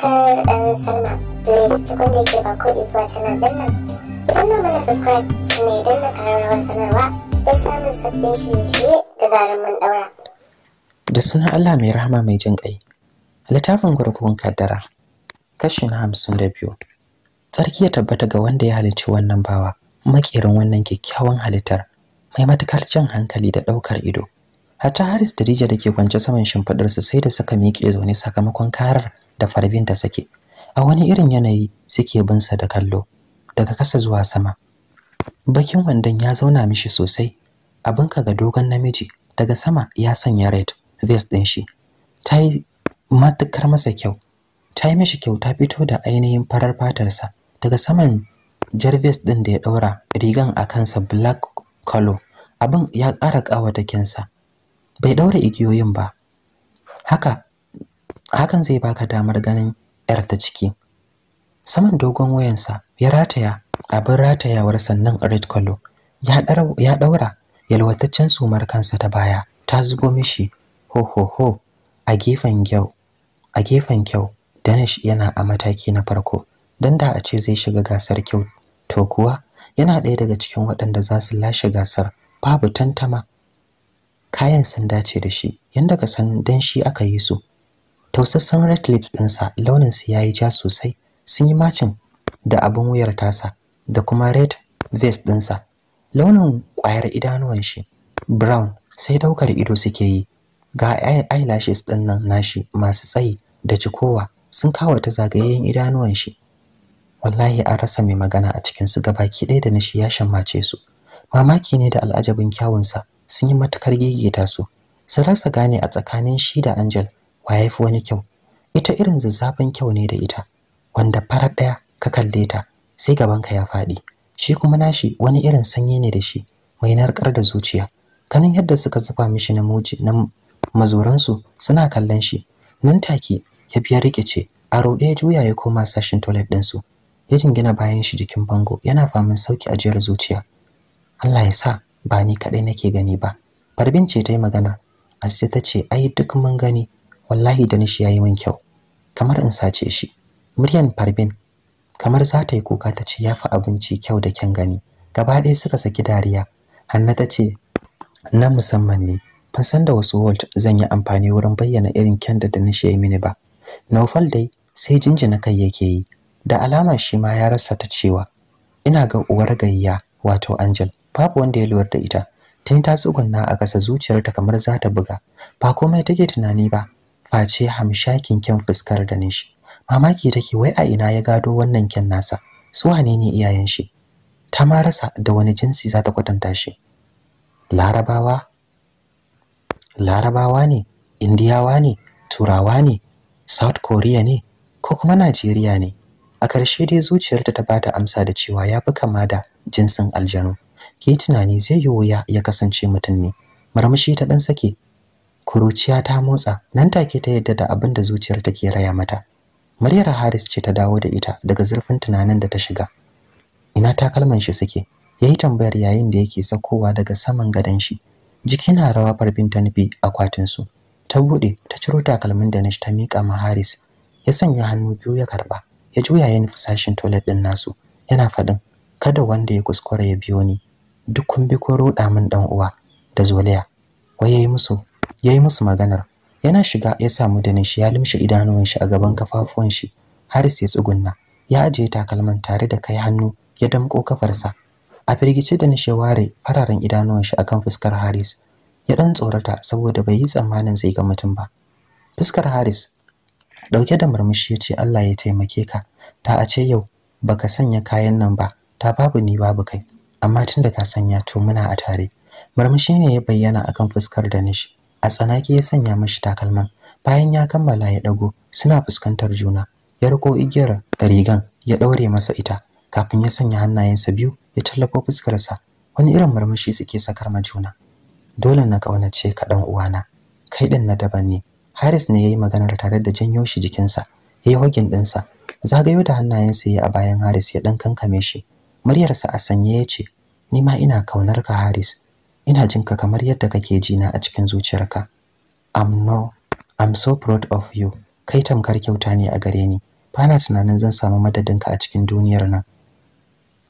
subscribe and sign up. Please da yake ba ko subscribe kararrawar sanarwa don samun sabbin Da sunan Allah mai rahama mai jin ƙai. Littafin gurgurun kaddara. Kashi na hamsin da biyu. Tsarki ya tabbata ga wanda ya halicci wannan bawa, makerin wannan kyakkyawan halittar, mai matukar jan hankali da ɗaukar ido. Hatta Haris da Rija da ke kwance saman shimfiɗarsu sai da suka miƙe zaune sakamakon karar da farbin da suke a wani irin yanayi suke bin sa da kallo daga kasa zuwa sama bakin wandon ya zauna mishi sosai abin ka ga dogon namiji daga sama ya sanya red vest din shi ta yi matukar masa kyau ta yi mishi kyau ta fito da ainihin farar fatarsa daga saman jarvis din da ya daura rigan a kansa black color abin ya ƙara ƙawata kinsa bai daura igiyoyin ba haka hakan zai baka damar ganin yar ta ciki saman dogon wayansa ya rataya abin ratayawar sannan red color ya daura yalwataccen sumar kansa ta baya ta zubo mishi ho ho ho a gefen kyau a gefen kyau danish yana a mataki na farko don da a ce zai shiga gasar kyau to kuwa yana ɗaya daga cikin waɗanda za su lashe gasar babu tantama kayan sun dace da shi yadda ka san dan shi aka yi su tausassan red lips ɗinsa launin su yayi ja sosai sun yi macin da abin wuyar tasa da kuma red vest ɗinsa launin ƙwayar idanuwan shi brown sai daukar ido suke yi ga eyelashes ɗin nan nashi masu tsayi da cikowa sun kawata zagayen idanuwan shi wallahi an rasa mai magana a cikin su gabaki ɗaya da na shi ya shammace su mamaki ne da al'ajabin kyawunsa sun yi matukar gigita su sun rasa gane a tsakanin shi da Angel wa ya fi wani kyau ita irin zazzafin kyau ne da ita wanda farar ɗaya ka kalle ta sai gabanka ya faɗi shi kuma nashi wani irin sanyi ne da shi mai narkar da zuciya kanin yadda suka zuba mishi na muji na mazoransu suna kallon shi nan take ya biya rikice a roɗe ya juya ya koma sashin toilet ɗinsu ya jingina bayan shi jikin bango yana famin sauki ajiyar zuciya Allah ya sa ba ni kaɗai nake gani ba farbin ce ta yi magana asita ce ai duk mun gani wallahi da danish yayi min kyau kamar in sace shi muryan farbin kamar za ta yi kuka ta ce yafi abinci kyau da kyan gani gaba ɗaya suka saki dariya hanna ta ce na musamman ne ban san da wasu volt zan yi amfani wurin bayyana irin kyan da danish yayi mini ba naufal dai sai jinjina kai yake yi da alama shi ma ya rasa ta cewa ina ga uwar gayya wato angel babu wanda ya lura da ita tun ta tsugunna a ƙasa zuciyarta kamar za ta buga ba komai take tunani ba face hamshakin kyan fuskar da nishi mamaki take wai a ina ya gado wannan kyan nasa su wane ne iyayen shi ta ma rasa da wani jinsi za ta kwatanta shi larabawa larabawa ne indiyawa ne turawa ne south korea ne ko kuma najeriya ne a ƙarshe dai zuciyarta ta bata amsa da cewa ya fi kama da jinsin aljanu ke tunani zai yi wuya ya kasance mutum ne marmashi ta ɗan sake kuruciya ta motsa nan take ta yadda da abin da zuciyar take raya mata Maryar Haris ce ta dawo da ita daga zurfin tunanin da ta shiga ina takalman shi suke yayi tambayar yayin da yake sakowa daga saman gadon shi jiki na rawa farbin ta nufi akwatin su ta bude ta ciro takalmin da nish ta mika ma Haris ya sanya hannu biyu ya karba ya juya ya nufi sashin toilet din nasu yana faɗin kada wanda ya kuskura ya biyo ni duk kun bi ko roda min dan uwa da zoliya waye musu ya yi musu maganar yana shiga ya samu da shi ya limshe idanuwan shi a gaban kafafuwan shi har sai tsugunna ya ajiye takalman tare da kai hannu ya damƙo kafarsa a firgice da nishe ware fararen idanuwan shi akan fuskar Haris ya dan tsorata saboda bai yi tsammanin zai ga mutum ba fuskar Haris dauke da murmushi ya ce Allah ya taimake ka ta a ce yau baka sanya kayan nan ba ta babu ni babu kai amma tun da ka sanya to muna a tare murmushi ne ya bayyana akan fuskar da Danish a tsanaki ya sanya mashi takalman bayan ya kammala ya dago suna fuskantar juna ya riko igiyar da rigan ya daure masa ita kafin ya sanya hannayensa biyu ya tallafo fuskarsa wani irin murmushi suke sakar ma juna dole na kaunace ka dan uwana kai din na daban ne Haris ne yayi maganar tare da janyo shi jikinsa yayi hogin dinsa zagayo da hannayensa yayi a bayan Haris ya dan kankame shi muryarsa a sanye ya ce ni ma ina kaunar ka Haris ina jin ka kamar yadda kake ji na a cikin zuciyarka i'm no i'm so proud of you kai tamkar kyauta ne a gare ni bana tunanin zan samu madadinka a cikin duniyar nan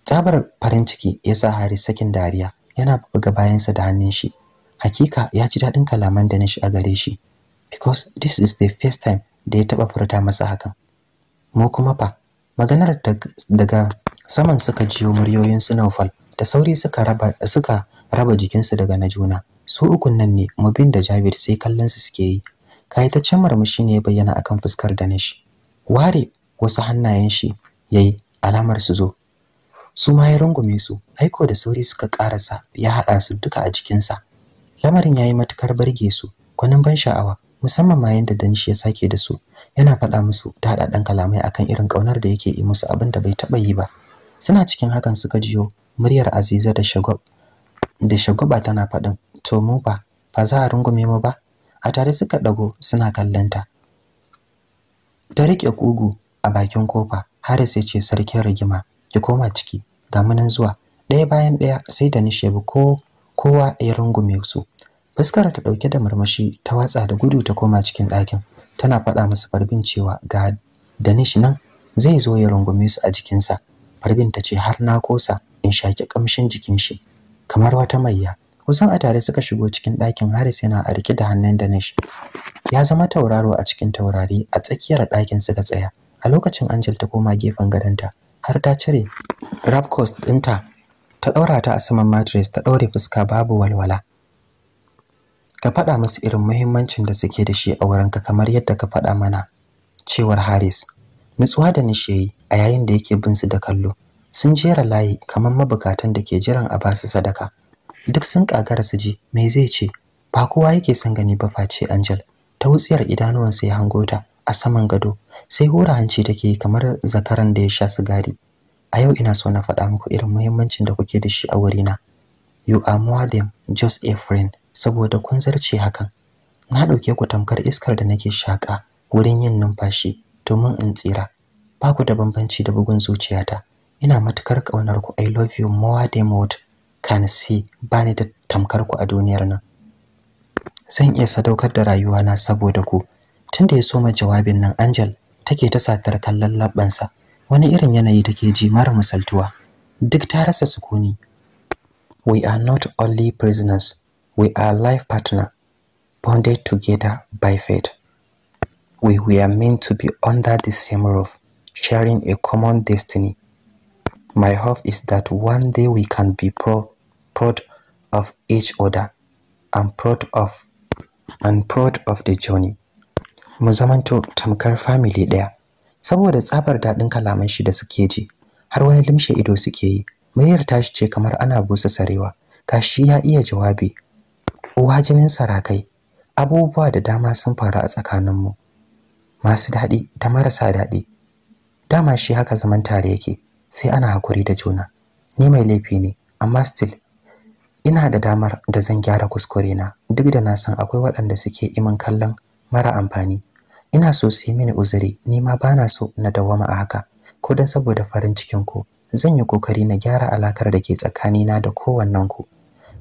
tsabar farin ciki ya sa Haris sakin dariya yana buga bayansa da hannun shi hakika ya ji daɗin kalaman da nishi a gare shi because this is the first time da ya taɓa furta masa hakan mu kuma fa maganar daga saman suka jiyo muryoyin su Naufal da sauri suka raba suka raba jikinsu daga na juna su ukun nan ne bin da jabir sai kallon su suke yi kayataccen marmashi ne ya bayyana akan fuskar da nashi. ware wasu hannayen shi ya yi, alamar su zo su ma ya rungume su aiko da sauri suka karasa ya haɗa su duka a jikinsa lamarin ya yi matukar barge su kwanan ban sha'awa musamman ma yadda danish ya sake da su yana faɗa musu ta haɗaɗɗen kalamai akan irin ƙaunar da yake yi musu abin da bai taɓa yi ba suna cikin hakan suka jiyo muryar aziza da shagwab da shagwaba tana faɗin to mu ba ba za a rungume mu ba a tare suka ɗago suna kallonta ta riƙe ƙugu a bakin kofa haris ya ce sarkin rigima ki koma ciki ga munan zuwa ɗaya bayan ɗaya sai da shebu ko kowa ya rungume su fuskar ta ɗauke da murmushi ta watsa da gudu ta koma cikin ɗakin tana faɗa musu farbin cewa ga danish nan zai zo ya rungume su a jikinsa farbin ta ce har na kosa in shaki ƙamshin jikin shi kamar wata mayya kusan a tare suka shigo cikin ɗakin Haris yana a rike da hannun da shi. ya zama tauraro a cikin taurari a tsakiyar ɗakin suka tsaya a lokacin Angel ta koma gefen gadonta har ta cire rapcos ɗinta ta ɗaura ta a saman mattress ta ɗaure fuska babu walwala ka faɗa musu irin muhimmancin da suke da shi a wurinka kamar yadda ka faɗa mana cewar Haris nutsuwa da nishiyi a yayin da yake bin su da kallo sun jera layi kamar mabukatan da ke jiran a basu sadaka duk sun kagara su ji me zai ce ba kowa yake son gani ba face Angel ta wutsiyar idanuwan ya hango a saman gado sai hura hanci take kamar zakaran da ya sha sigari a yau ina so na faɗa muku irin muhimmancin da kuke da shi a wurina you are more than just a friend saboda kun zarce hakan na ɗauke ku tamkar iskar da nake shaƙa wurin yin numfashi domin in tsira ba ku da bambanci da bugun zuciyata ina matukar ƙaunar ku I love you more than what can see bani da tamkar ku a duniyar nan zan iya sadaukar da rayuwana saboda ku tunda ya soma jawabin nan Angel take ta satar kallon labbansa wani irin yanayi take ji mara misaltuwa duk ta rasa sukuni we are not only prisoners we are life partner bonded together by fate we were meant to be under the same roof sharing a common destiny My hope is that one day we can be proud of each other and proud of and proud of the journey. Mu zamanto tamkar family ɗaya. Saboda tsabar daɗin kalaman shi da suke ji, har wani limshe ido suke yi. Muryar tashi ce kamar ana busa sarewa. Kashi ya iya jawabi. Uwa jinin sarakai. Abubuwa da dama sun faru a tsakaninmu. Masu daɗi da marasa daɗi. Dama shi haka zaman tare yake. sai ana hakuri da juna ni mai laifi ne amma still ina da damar da zan gyara kuskure na duk da na san akwai waɗanda suke iman kallon mara amfani ina so su yi mini uzuri ni ma bana so na dawwama a haka ko dan saboda farin cikin ku zan yi kokari na gyara alakar da ke tsakani na da kowannen ku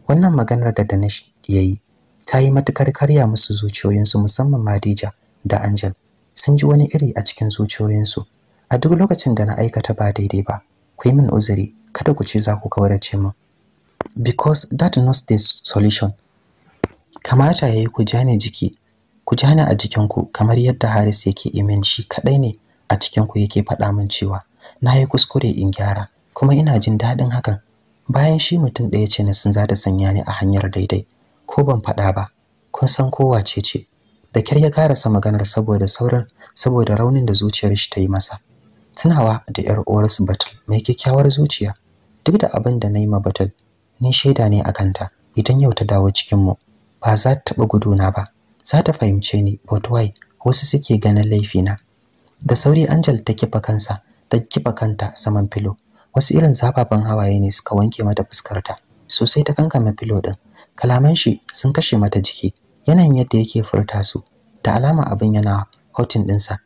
wannan maganar da Danish yayi ta yi matukar karya musu zuciyoyinsu musamman Madija da Angel sun ji wani iri a cikin zuciyoyinsu a duk lokacin da na aikata ba daidai ba ku yi min uzuri kada ku ce za ku kaurace min because that not the solution kamata yayi ku jane jiki ku jane a jikinku kamar yadda Haris yake imin shi kadai ne a cikinku ku yake faɗa min cewa na yi kuskure in gyara kuma ina jin daɗin hakan bayan shi mutum ɗaya ce na sun zata sanya ni a hanyar daidai ko ban faɗa ba kun san kowace ce da kyar ya karasa maganar saboda sauran saboda raunin da zuciyar shi ta yi masa tunawa da yar uwarsu batul mai kyakkyawar zuciya duk da abin da na yi ma batul ni shaida ne a kanta idan yau ta dawo cikinmu ba za ta taɓa guduna ba za ta fahimce ni but why wasu suke ganin laifina da sauri angel ta kifa kansa ta kifa kanta saman filo wasu irin zababan hawaye ne suka wanke mata fuskarta sosai ta kankama filo ɗin. kalaman shi sun kashe mata jiki yanayin yadda yake furta su da alama abin yana hotin ɗinsa.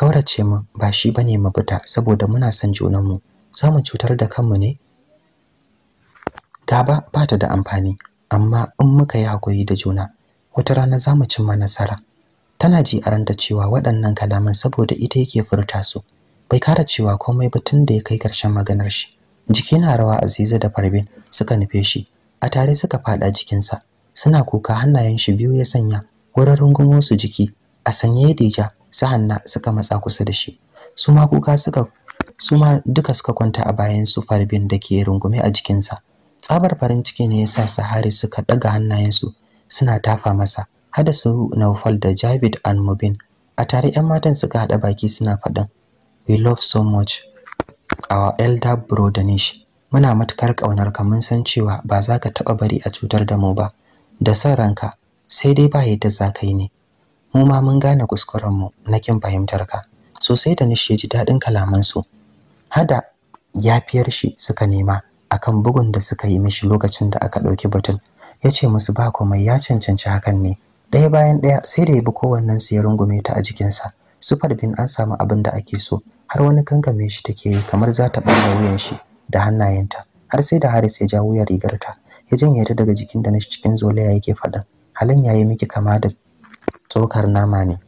kaurace mu ba shi bane mabuta saboda muna son junanmu za mu cutar da kanmu ne gaba ba ta da amfani amma in muka yi hakuri da juna wata rana za mu cimma nasara tana ji a cewa waɗannan kalaman saboda ita yake furta su bai kara cewa komai ba tun da ya kai ƙarshen maganar shi jiki na rawa aziza da farbin suka nufe shi a tare suka faɗa jikinsa suna kuka hannayen shi biyu ya sanya wurin rungumo su jiki a sanye dija su suka matsa kusa da shi su ma kuka suka su ma duka suka kwanta a bayan su farbin da ke rungume a jikinsa tsabar farin ciki ne yasa su hari suka daga hannayensu suna tafa masa hada su Naufal da Javid an Mubin a tare 'yan matan suka hada baki suna faɗin we love so much our elder brother Nish muna matukar ƙaunar ka mun san cewa ba za ka taba bari a cutar da mu ba da san ranka sai dai ba yadda za ka yi ne mu ma mun gane mu na kin fahimtar ka sosai da nishi ya ji daɗin su. hada yafiyar shi suka nema akan bugun da suka yi mishi lokacin da aka ɗauki batun ya ce musu ba komai ya cancanci hakan ne ɗaya bayan ɗaya sai da ya bi kowannen su ya rungume ta a jikinsa sufar bin an samu abin da ake so har wani kankame shi take yi kamar za ta ɓalla wuyan shi da hannayenta har sai da haris ya ja wuyar rigarta ya janye ta daga jikin da na cikin zolaya yake faɗin halin yi miki kama da tsokar nama ne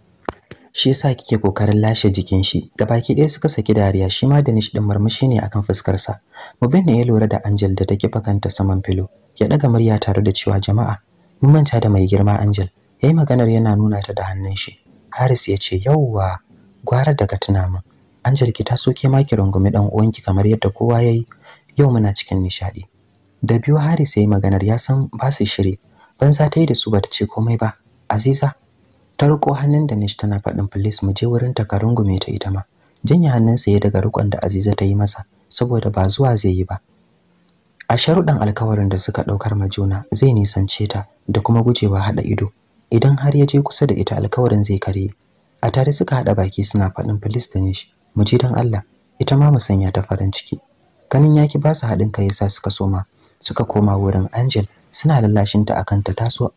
shi yasa kike kokarin lashe jikin shi gabaki ɗaya suka saki dariya shi ma da nish din murmushi ne akan fuskar sa Mubin ne ya lura da Angel da take fakanta saman filo ya daga murya tare da cewa jama'a mun manta da mai girma Angel yayi maganar yana nuna ta da hannun shi Haris ya ce yauwa gwara daga tuna min Angel ki taso ke ma ki rungumi dan uwanki kamar yadda kowa yayi yau muna cikin nishadi da biyu Haris ya yi maganar ya san ba su shiri za ta yi da su ba ta ce komai ba Aziza ta riko hannun da nishi tana faɗin filis mu je wurin takarun rungume ta ita ma janye hannun ya daga rukon da aziza ta yi masa saboda ba zuwa zai yi ba a sharuɗan alkawarin da suka ɗaukar ma juna zai nisance ta da kuma gujewa haɗa ido idan har ya je kusa da ita alkawarin zai karye a tare suka haɗa baki suna faɗin filis da nishi mu je don allah ita ma mu sanya ta farin ciki ganin yaki ba su haɗin kai yasa suka soma suka koma wurin angel suna lallashinta akan ta taso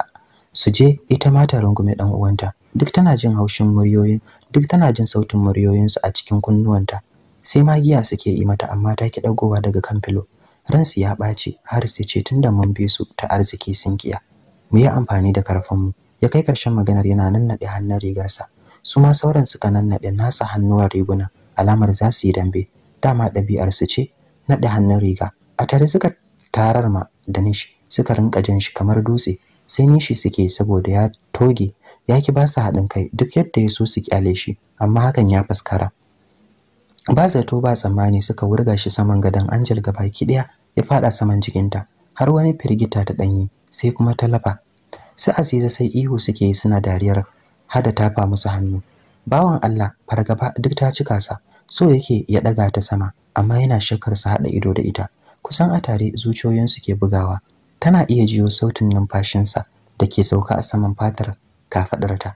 su je ita ma ta rungume dan uwanta duk tana jin haushin muryoyin duk tana jin sautin muryoyinsu a cikin kunnuwanta sai magiya suke yi mata amma ta ki dagowa daga kan filo ransu ya ɓaci har sai ce tunda mun bi su ta arziki sun kiya mu yi amfani da mu ya kai karshen maganar yana nannaɗe hannun rigarsa su ma sauran suka nannaɗe nasa hannuwan riguna alamar za su yi dambe dama ɗabi'arsu ce naɗe hannun riga a tare suka tarar ma da nishi suka rinka jin shi kamar dutse sai nishi suke saboda ya toge ya ki ba su haɗin kai duk yadda ya so su kyale shi amma hakan ya faskara ba zato ba tsammani suka wurga shi saman gadon angel baki ɗaya ya faɗa saman jikinta har wani firgita ta ɗanyi sai kuma ta lafa su aziza sai ihu suke yi suna dariyar hada tafa musu hannu bawan allah fargaba duk ta cika sa so yake ya ɗaga ta sama amma yana shakkar su haɗa ido da ita kusan a tare zuciyoyinsu ke bugawa tana iya jiyo sautin numfashinsa da ke sauka a saman fatar kafadarta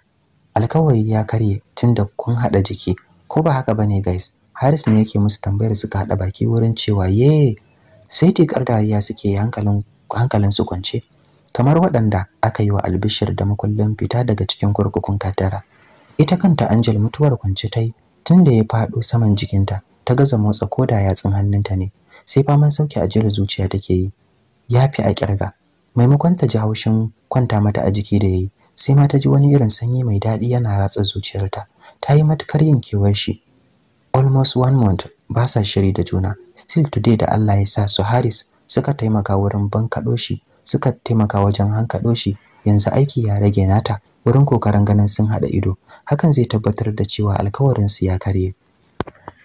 alkawari ya karye tun da kun haɗa jiki ko ba haka ba ne, guys Haris ne yake musu tambayar suka haɗa baki wurin cewa ye sai tikar dariya suke hankalin su kwance kamar waɗanda aka yi wa albishir da makullin fita daga cikin kurkukun katara ita kanta Angel mutuwar kwance ta yi tunda ya faɗo saman jikinta ta gaza motsa koda yatsun hannunta ne sai faman sauke ajiyar zuciya take yi ya fi a kirga maimakon ta ji haushin kwanta mata a jiki da yayi sai ma ta ji wani irin sanyi mai daɗi yana ratsa zuciyarta ta yi matukar yin kewar shi almost one month ba sa shiri da juna still today da Allah ya sa su Haris suka taimaka wurin bankaɗo shi suka taimaka wajen hankaɗo shi yanzu aiki ya rage nata wurin kokarin ganin sun haɗa ido hakan zai tabbatar da cewa alkawarinsu ya karye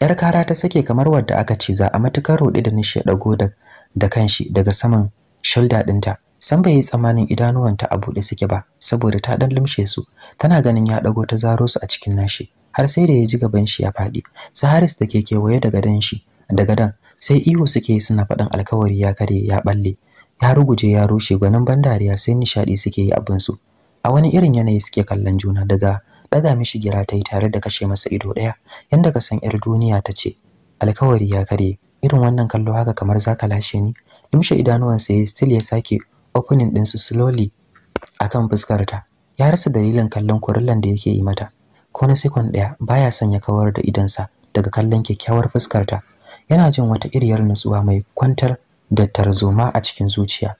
yar kara ta sake kamar wadda aka ce za a matukar roɗe da nishi ɗago da da kanshi daga saman shoulder ɗinta san bai yi tsammanin idanuwanta a buɗe suke ba saboda ta ɗan limshe su tana ganin ya ɗago ta zaro su a cikin nashi har sai da ya ji gaban shi ya faɗi su haris da ke waye daga dan, shi da gadon sai ihu suke suna faɗin alkawari ya kare ya ɓalle ya ruguje ya rushe gwanin ban dariya sai nishaɗi suke yi abun su. a wani irin yanayi suke kallon juna daga Daga mishi gira ta tare da kashe masa ido ɗaya yanda ka san 'yar duniya ta ce alkawari ya kare irin wannan kallo haka kamar zaka lashe ni limshe idanuwansa ya still ya sake opening ɗinsu slowly akan fuskarta ya rasa dalilin kallon kurillan da yake yi mata ko na sikon ɗaya baya son ya kawar da idansa daga kallon kyakkyawar fuskarta yana jin wata iriyar nutsuwa mai kwantar da tarzoma a cikin zuciya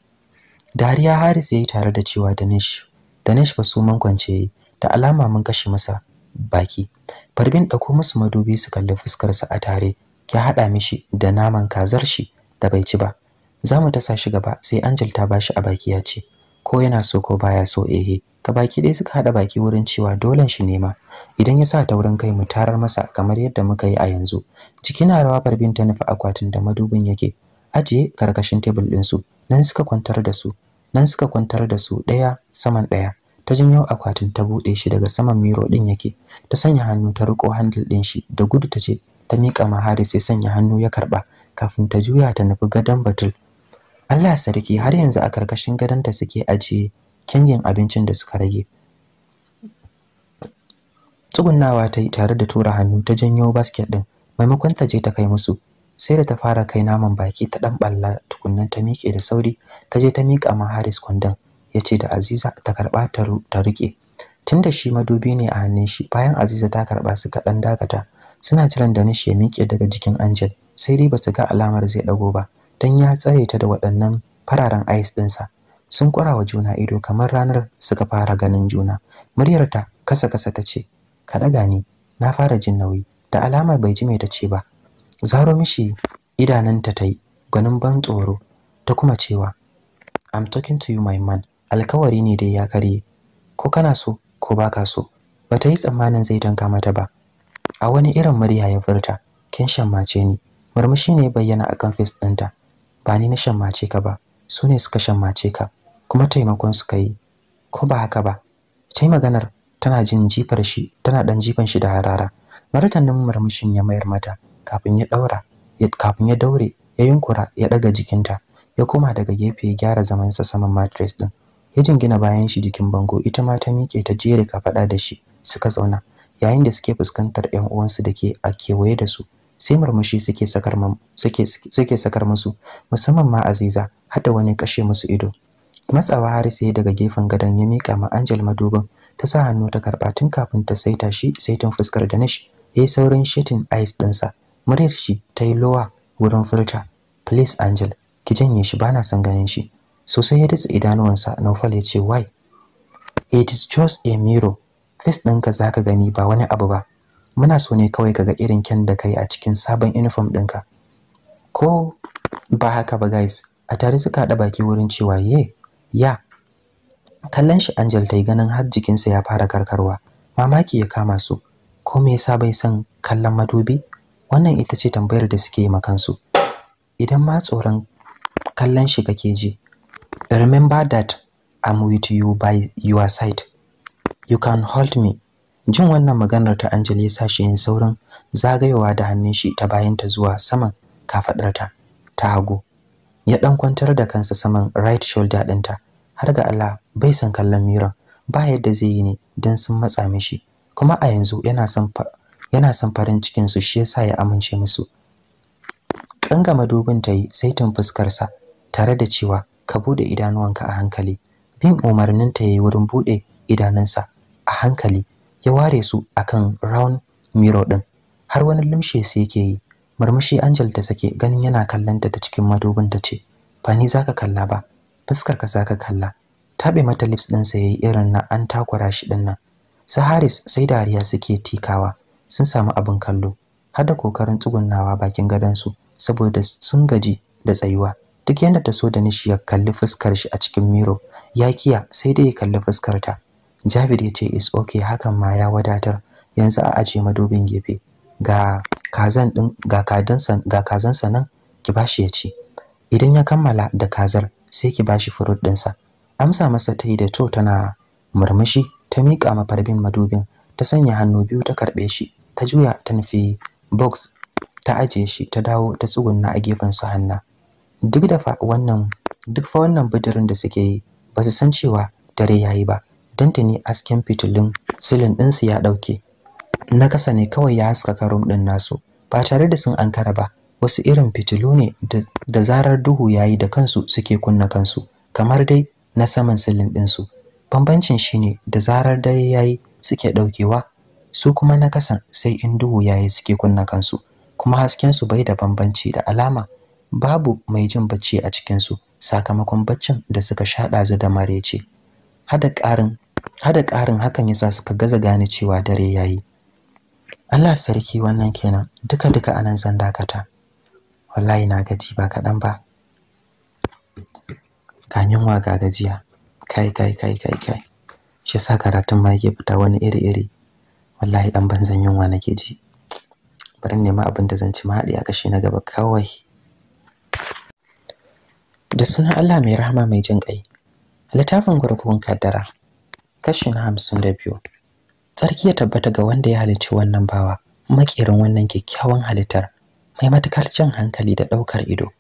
dariya haris yayi tare da cewa danish danish ba su man kwance da alama mun kashe masa baki farbin ɗauko musu madubi su kalli fuskarsa a tare ki haɗa mishi da naman kazar shi da bai ci ba za mu tasa shi gaba sai Angel ta bashi a baki ya ce ko yana so ko baya so ehe ka baki ɗaya suka haɗa baki wurin cewa dolen shi nema idan ya sa ta wurin kai mu tarar masa kamar yadda muka yi a yanzu ciki na rawa barbin ta nufi akwatin da madubin yake ajiye karkashin tebul su nan suka kwantar da su nan suka kwantar da su ɗaya saman ɗaya ta janyo akwatin ta buɗe shi daga saman miro ɗin yake ta sanya hannu ta riko handle ɗin shi da gudu ta ce ta miƙa ma Haris ya sanya hannu ya karɓa kafin ta juya ta nufi gadon Batul. Allah sarki har yanzu a karkashin gadon ta suke ajiye kingin abincin da suka rage. Tsugunnawa ta yi tare da tura hannu ta janyo basket ɗin maimakon ta je ta kai musu sai da ta fara kai naman baki ta ɗan ɓalla tukunnan ta miƙe da sauri ta je ta miƙa ma Haris kwandon ya ce da Aziza ta karɓa ta riƙe. Tunda shi madubi ne a hannun shi bayan Aziza ta karɓa suka ɗan dakata suna jiran Danish ya miƙe daga jikin Angel sai dai basu ga alamar zai dago ba dan ya tsare ta da waɗannan fararen ice ɗinsa sun wa juna ido kamar ranar suka fara ganin juna muryar ta kasa kasa ta ce ka daga ni na fara jin nauyi da alama bai ji mai ta ce ba zaro mishi idananta ta yi gwanin ban tsoro ta kuma cewa I'm talking to you my man alkawari ne dai ya karye ko kana so ko baka so bata yi tsammanin zai tanka mata ba a wani irin murya ya furta kin shammace ni murmushi ne bayyana akan face ɗinta ba ni na shammace ka ba su ne suka shammace ka kuma taimakon suka yi ko ba haka ba tai maganar tana jin jifar shi tana dan jifan shi da harara martanin murmushin ya mayar mata kafin ya daura ya kafin ya daure ya yunkura ya daga jikinta ya koma daga gefe ya gyara zaman sa saman mattress din ya jingina bayan shi jikin bango ita ma ta miƙe ta jere ka faɗa da shi suka zauna yayin da suke fuskantar ƴan uwansu da ke a kewaye da su sai murmushi suke sakar suke suke sakar musu musamman ma Aziza hada wani kashe musu ido matsawa Haris sai daga gefen gadon ya mika ma Angel madubin ta sa hannu ta karɓa tun kafin ta saita shi saitin fuskar da Danish yi saurin shitin eyes ɗinsa, muryar shi ta yi lowa wurin furta please Angel ki janye shi bana son ganin shi sosai ya datse idanuwansa Naufal ya ce why it is just a mirror face ɗinka za ka gani ba wani abu ba muna so ne kawai kaga irin kyan da kai a cikin sabon uniform ɗinka ko ba haka ba guys a tare suka haɗa baki wurin cewa ye ya kallon shi angel ta ganin har jikinsa ya fara karkarwa mamaki ya kama su ko me yasa bai son kallon madubi wannan ita ce tambayar da suke yi ma kansu idan ma tsoron kallon shi kake ji remember that i'm with you by your side you can hold me jin wannan maganar ta Angel ya sa shi yin saurin zagayowa da hannun shi ta bayan ta zuwa saman kafadarta ta hagu ya dan kwantar da kansa saman right shoulder dinta har ga Allah bai san kallon miran ba yadda zai yi ne dan sun matsa mishi kuma a yanzu yana son yana son farin cikin su shi yasa ya amince musu kangama dubin tayi sai tun fuskarsa, tare da cewa ka bude idanuwanka a hankali bin umarnin ta yayi wurin bude idanunsa a hankali ya ware su akan round mirror din har wani limshe sai yake yi murmushi Angel ta sake ganin yana kallon ta cikin madubin ta ce ba ni zaka kalla ba fuskar ka zaka kalla tabe mata lips din sa yayi irin na an takura shi din nan su Haris sai dariya suke tikawa sun samu abin kallo har da kokarin tsugunnawa bakin gadon su saboda sun gaji da tsayuwa duk yadda ta so da nishi ya kalli fuskar shi a cikin miro ya kiya sai dai ya kalli fuskar ta Jabir ya ce is okay hakan ma ya wadatar yanzu a aje madubin gefe ga kazan din ga kadansa ga kazansa nan ki bashi ya ci idan ya kammala da kazar sai ki bashi furut dinsa amsa masa ta yi da to tana murmushi ta miƙa mafarbin madubin ta sanya hannu biyu ta karɓe shi ta juya ta nufi box ta aje shi ta dawo ta tsugunna a gefen su hanna duk da fa wannan duk fa wannan bidirin da suke yi ba su san cewa dare yayi ba Dandani asken fitilun silin ɗinsu ya ɗauke na kasa ne kawai ya haskaka rum ɗin nasu ba tare da sun ankara ba wasu irin fitilu ne da zarar duhu ya yi da kansu suke kunna kansu kamar dai na saman silin ɗinsu bambancin shine da zarar dare ya yi suke ɗaukewa su kuma na kasan sai in duhu ya yi suke kunna kansu kuma haskensu bai da bambanci da alama babu mai jin bacci a cikinsu sakamakon baccin da suka sha ɗazu da marece hada ƙarin hada ƙarin hakan yasa suka gaza gane cewa dare yayi Allah sarki wannan kenan duka duka anan zan dakata wallahi na gaji ba kaɗan ba kamin wa ga gajiya kai kai kai kai kai shi sa karatun ma yake fita wani iri iri wallahi dan banzan yunwa nake ji bari nema abin da zan ci ma hadi a kashi na gaba kawai da sunan Allah mai rahama mai jin ƙai littafin gurgurun kaddara kashi na hamsin da biyu tsarki ya tabbata ga wanda ya halici wannan bawa makerin wannan kyakkyawan halittar mai matukar jan hankali da ɗaukar ido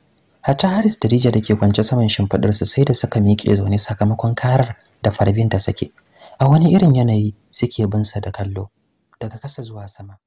Hata haris da rija da ke kwance saman shimfiɗarsu sai da suka miƙe zaune sakamakon karar da farbin da suke a wani irin yanayi suke binsa da kallo daga kasa zuwa sama